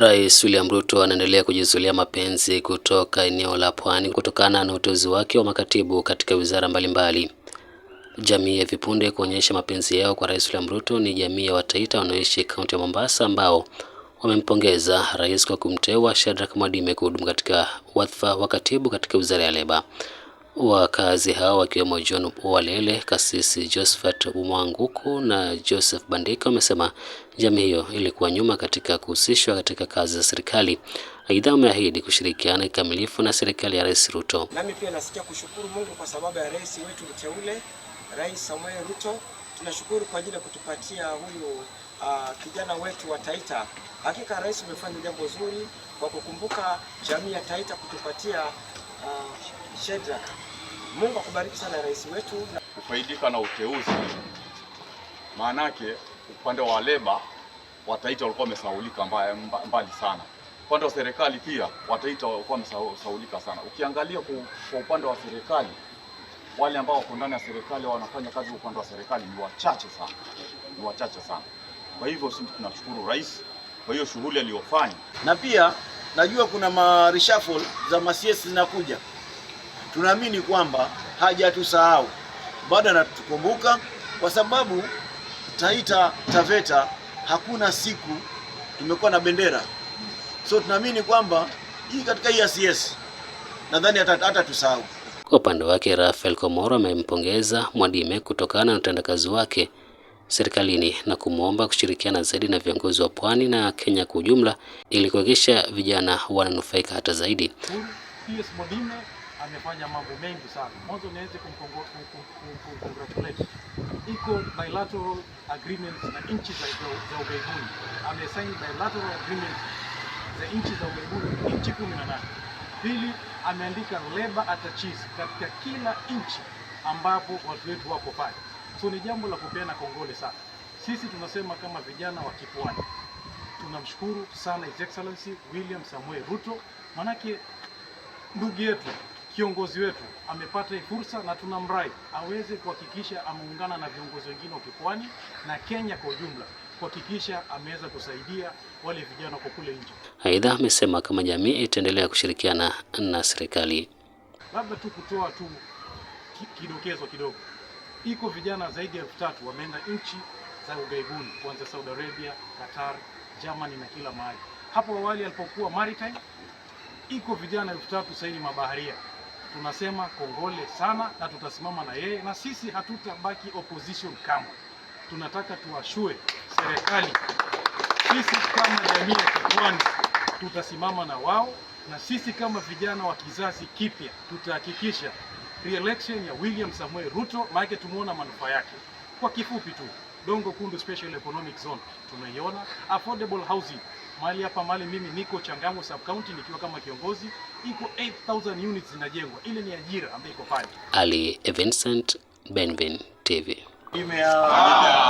Rais William Ruto anaendelea kujizulia mapenzi kutoka eneo la Pwani kutokana na uteuzi wake wa makatibu katika wizara mbalimbali. Jamii ya Vipunde kuonyesha mapenzi yao kwa Rais William Ruto ni jamii ya Wataita wanaoishi kaunti ya Mombasa ambao wamempongeza rais kwa kumteua Shadrack Mwadime kuhudumu katika wadhifa wa katibu katika wizara ya leba wakazi hao wakiwemo John Walele, Kasisi Josephat Mwanguku na Joseph Bandika wamesema jamii hiyo ilikuwa nyuma katika kuhusishwa katika kazi za serikali. Aidha, wameahidi kushirikiana kikamilifu na serikali ya Rais Ruto. Nami pia nasikia kushukuru Mungu kwa sababu ya rais wetu mteule, Rais Samuel Ruto. Tunashukuru kwa ajili ya kutupatia huyu Uh, kijana wetu wa Taita. Hakika rais, umefanya jambo zuri kwa kukumbuka jamii ya Taita kutupatia uh, Shedrack Mungu akubariki sana rais wetu. Kufaidika na uteuzi, maanake upande wa leba wataita walikuwa wamesaulika mbali sana, upande wa serikali pia wataita walikuwa wamesaulika sana. Ukiangalia kwa upande wa serikali, wale ambao wako ndani ya serikali wanafanya kazi upande wa serikali ni wachache sana, ni wachache sana. Kwa hivyo sisi tunashukuru rais kwa hiyo shughuli aliyofanya, na pia najua kuna marishafu za masiesi zinakuja tunaamini kwamba hajatusahau, bado anatukumbuka, kwa sababu Taita Taveta hakuna siku tumekuwa na bendera. So tunaamini kwamba hii katika hii ICS nadhani hata tusahau. Kwa upande wake, Rafael Komoro amempongeza Mwadime kutokana na utendakazi wake serikalini na kumwomba kushirikiana zaidi na viongozi wa Pwani na Kenya kwa ujumla ili kuhakikisha vijana wananufaika hata zaidi. Yes, Mwadime amefanya mambo mengi sana. Mwanzo nianze kumcongratulate, iko bilateral agreements na nchi za ugaibuni, amesign bilateral agreements za nchi za ugaibuni nchi kumi na nane. Pili, ameandika labor attaches katika kila nchi ambapo watu wetu wako pale, so ni jambo la kupeana kongole sana. Sisi tunasema kama vijana wa Kipwani tunamshukuru sana His Excellency William Samuel Ruto, manake ndugu yetu kiongozi wetu amepata hii fursa na tunamrai aweze kuhakikisha ameungana na viongozi wengine wa kipwani na Kenya kwa ujumla kuhakikisha ameweza kusaidia wale vijana kwa kule nje. Aidha, amesema kama jamii itaendelea kushirikiana na serikali. Labda tu kutoa tu kidokezo kidogo, iko vijana zaidi ya elfu tatu wameenda nchi za ugaibuni kuanzia Saudi Arabia, Qatar, Germany na kila mahali. Hapo awali alipokuwa maritime, iko vijana elfu tatu sasa ni mabaharia tunasema kongole sana na tutasimama na yeye, na sisi hatutabaki opposition kama Tunataka tuwashue serikali, sisi kama jamii ya Kipwani tutasimama na wao, na sisi kama vijana wa kizazi kipya tutahakikisha re-election ya William Samuel Ruto, maana tumeona manufaa yake. Kwa kifupi tu, Dongo Kundu Special Economic Zone tunaiona, affordable housing Mali hapa mali mimi niko Changamwe sub county nikiwa kama kiongozi, iko 8000 units zinajengwa. Ile ni ajira ambayo iko pale. Ali Vincent, Benvin TV. Imea.